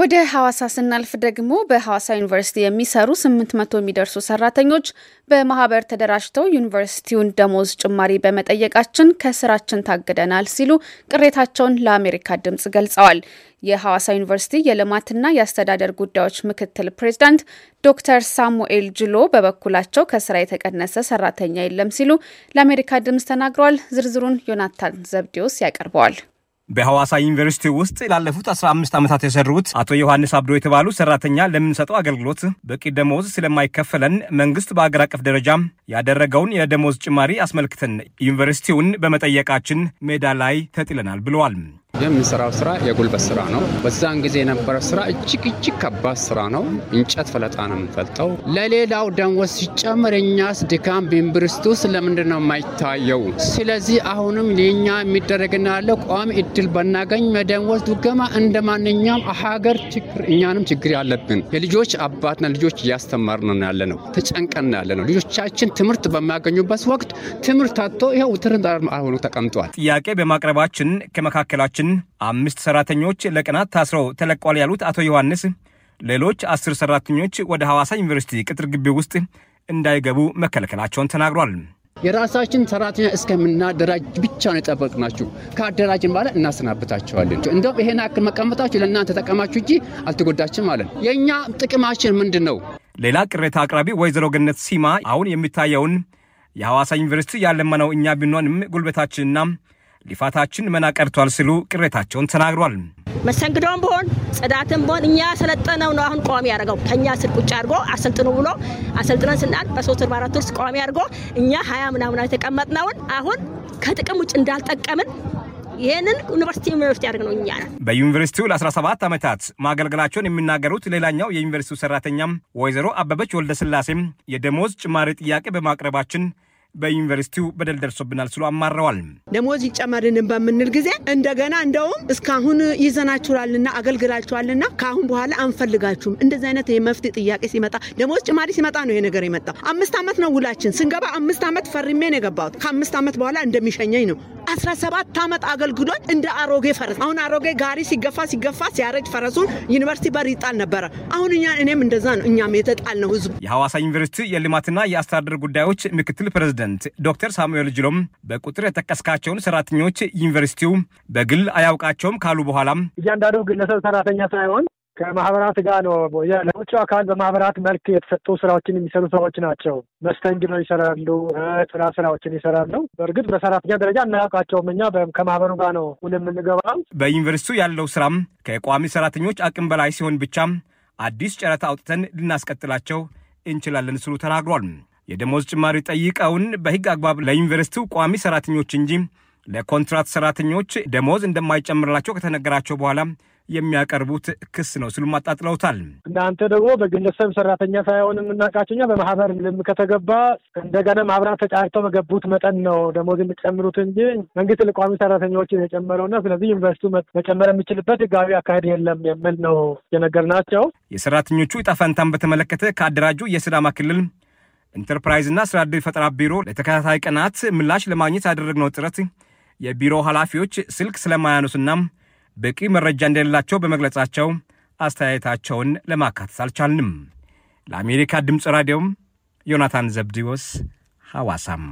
ወደ ሐዋሳ ስናልፍ ደግሞ በሐዋሳ ዩኒቨርሲቲ የሚሰሩ 800 የሚደርሱ ሰራተኞች በማህበር ተደራጅተው ዩኒቨርሲቲውን ደሞዝ ጭማሪ በመጠየቃችን ከስራችን ታግደናል ሲሉ ቅሬታቸውን ለአሜሪካ ድምጽ ገልጸዋል። የሐዋሳ ዩኒቨርሲቲ የልማትና የአስተዳደር ጉዳዮች ምክትል ፕሬዚዳንት ዶክተር ሳሙኤል ጅሎ በበኩላቸው ከስራ የተቀነሰ ሰራተኛ የለም ሲሉ ለአሜሪካ ድምጽ ተናግረዋል። ዝርዝሩን ዮናታን ዘብዲዮስ ያቀርበዋል። በሐዋሳ ዩኒቨርሲቲ ውስጥ ላለፉት 15 ዓመታት የሰሩት አቶ ዮሐንስ አብዶ የተባሉ ሰራተኛ ለምንሰጠው አገልግሎት በቂ ደሞዝ ስለማይከፈለን መንግስት በአገር አቀፍ ደረጃ ያደረገውን የደሞዝ ጭማሪ አስመልክተን ዩኒቨርሲቲውን በመጠየቃችን ሜዳ ላይ ተጥለናል ብለዋል። የምንሰራው ስራ የጉልበት ስራ ነው። በዛን ጊዜ የነበረ ስራ እጅግ እጅግ ከባድ ስራ ነው። እንጨት ፈለጣ ነው የምንፈልጠው። ለሌላው ደንወስ ሲጨምር እኛስ ድካም ቢንብርስቱ ስለምንድን ነው የማይታየው? ስለዚህ አሁንም ለእኛ የሚደረግና ያለው ቋሚ እድል በናገኝ መደንወስ ድጎማ እንደ ማንኛውም ሀገር ችግር እኛንም ችግር ያለብን የልጆች አባትና ልጆች እያስተማርን ያለ ነው። ተጨንቀን ያለ ነው። ልጆቻችን ትምህርት በሚያገኙበት ወቅት ትምህርት አጥቶ ይኸው ሆኖ ተቀምጧል። ጥያቄ በማቅረባችን ከመካከላችን ግን አምስት ሰራተኞች ለቀናት ታስረው ተለቋል ያሉት አቶ ዮሐንስ ሌሎች አስር ሰራተኞች ወደ ሐዋሳ ዩኒቨርሲቲ ቅጥር ግቢ ውስጥ እንዳይገቡ መከልከላቸውን ተናግሯል። የራሳችን ሰራተኛ እስከምናደራጅ ብቻ ነው የጠበቅናችሁ። ከአደራጅን በኋላ እናሰናብታቸዋለን። እንደውም ይሄን ያክል መቀመጣችሁ ለእናንተ ተጠቀማችሁ እንጂ አልትጎዳችም አለን። የእኛ ጥቅማችን ምንድን ነው? ሌላ ቅሬታ አቅራቢ ወይዘሮ ገነት ሲማ አሁን የሚታየውን የሐዋሳ ዩኒቨርሲቲ ያለመነው እኛ ቢሆንም ጉልበታችንና ሊፋታችን መና ቀርቷል ሲሉ ቅሬታቸውን ተናግሯል። መሰንግዶም ቢሆን ጽዳትም ቢሆን እኛ ሰለጠነው ነው አሁን ቋሚ ያደርገው ከእኛ ስር ቁጭ አድርጎ አሰልጥኑ ብሎ አሰልጥነን ስናል በሶስት ወር በአራት ወር ቋሚ አድርጎ እኛ ሀያ ምናምን የተቀመጥነውን አሁን ከጥቅም ውጭ እንዳልጠቀምን ይህንን ዩኒቨርሲቲ ዩኒቨርሲቲ ያደርግ ነው እኛ በዩኒቨርሲቲው ለ17 ዓመታት ማገልገላቸውን የሚናገሩት ሌላኛው የዩኒቨርሲቲው ሰራተኛም ወይዘሮ አበበች ወልደስላሴም የደሞዝ ጭማሪ ጥያቄ በማቅረባችን በዩኒቨርሲቲው በደል ደርሶብናል አማረዋል። ደሞዝ ይጨመርልን በምንል ጊዜ እንደገና እንደውም እስካሁን ይዘናችኋልና አገልግላችኋልና ከአሁን በኋላ አንፈልጋችሁም። እንደዚህ አይነት የመፍትሄ ጥያቄ ሲመጣ ደሞዝ ጭማሪ ሲመጣ ነው ይሄ ነገር የመጣ አምስት ዓመት ነው ውላችን። ስንገባ አምስት ዓመት ፈርሜ ነው የገባሁት። ከአምስት ዓመት በኋላ እንደሚሸኘኝ ነው 17 ዓመት አገልግሎት እንደ አሮጌ ፈረስ። አሁን አሮጌ ጋሪ ሲገፋ ሲገፋ ሲያረጅ ፈረሱን ዩኒቨርሲቲ በር ይጣል ነበረ። አሁን እኛ እኔም እንደዛ ነው፣ እኛም የተጣል ነው ህዝቡ። የሐዋሳ ዩኒቨርሲቲ የልማትና የአስተዳደር ጉዳዮች ምክትል ፕሬዝደንት ዶክተር ሳሙኤል ጅሎም በቁጥር የጠቀስካቸውን ሰራተኞች ዩኒቨርሲቲው በግል አያውቃቸውም ካሉ በኋላም እያንዳንዱ ግለሰብ ሰራተኛ ሳይሆን ከማህበራት ጋር ነው ለውጭ አካል በማህበራት መልክ የተሰጡ ስራዎችን የሚሰሩ ሰዎች ናቸው። መስተንግዶ ይሰራሉ፣ ጥራ ስራዎችን ይሰራሉ። በእርግጥ በሰራተኛ ደረጃ እናያውቃቸውም። እኛ ከማህበሩ ጋር ነው ሁን የምንገባው። በዩኒቨርሲቲው ያለው ስራም ከቋሚ ሰራተኞች አቅም በላይ ሲሆን ብቻ አዲስ ጨረታ አውጥተን ልናስቀጥላቸው እንችላለን ስሉ ተናግሯል። የደሞዝ ጭማሪ ጠይቀውን በህግ አግባብ ለዩኒቨርሲቲው ቋሚ ሰራተኞች እንጂ ለኮንትራት ሰራተኞች ደሞዝ እንደማይጨምርላቸው ከተነገራቸው በኋላ የሚያቀርቡት ክስ ነው ሲሉም አጣጥለውታል። እናንተ ደግሞ በግለሰብ ሰራተኛ ሳይሆን የምናውቃቸው በማህበር ልም ከተገባ እንደገና ማህበራት ተጫርተው በገቡት መጠን ነው ደሞዝ የሚጨምሩት እንጂ መንግስት ለቋሚ ሰራተኞችን የጨመረውና ስለዚህ ዩኒቨርስቲው መጨመር የሚችልበት ህጋዊ አካሄድ የለም የሚል ነው የነገርናቸው። የሰራተኞቹ ዕጣ ፈንታን በተመለከተ ከአደራጁ የስዳማ ክልል ኢንተርፕራይዝና ስራ ዕድል ፈጠራ ቢሮ ለተከታታይ ቀናት ምላሽ ለማግኘት ያደረግነው ጥረት የቢሮ ኃላፊዎች ስልክ ስለማያነሱና በቂ መረጃ እንደሌላቸው በመግለጻቸው አስተያየታቸውን ለማካተት አልቻልንም። ለአሜሪካ ድምፅ ራዲዮም ዮናታን ዘብዲዎስ ሐዋሳም